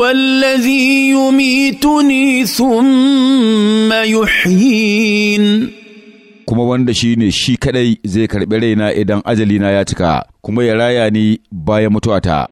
والذي يميتني ثم يحيين kuma wanda shi ne shi kadai zai karɓi raina idan ajalina ya cika kuma ya raya ni bayan mutuwata